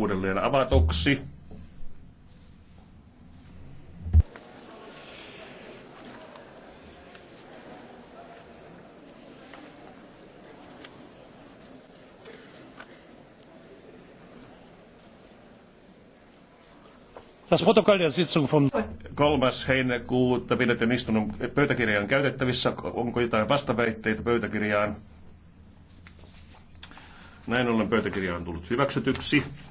uudelleen avatuksi. Das Protokoll der Sitzung vom 3. heinäkuuta pidetyn istunnon pöytäkirjaan käytettävissä. Onko jotain vastaväitteitä pöytäkirjaan? Näin ollen pöytäkirja on tullut hyväksytyksi.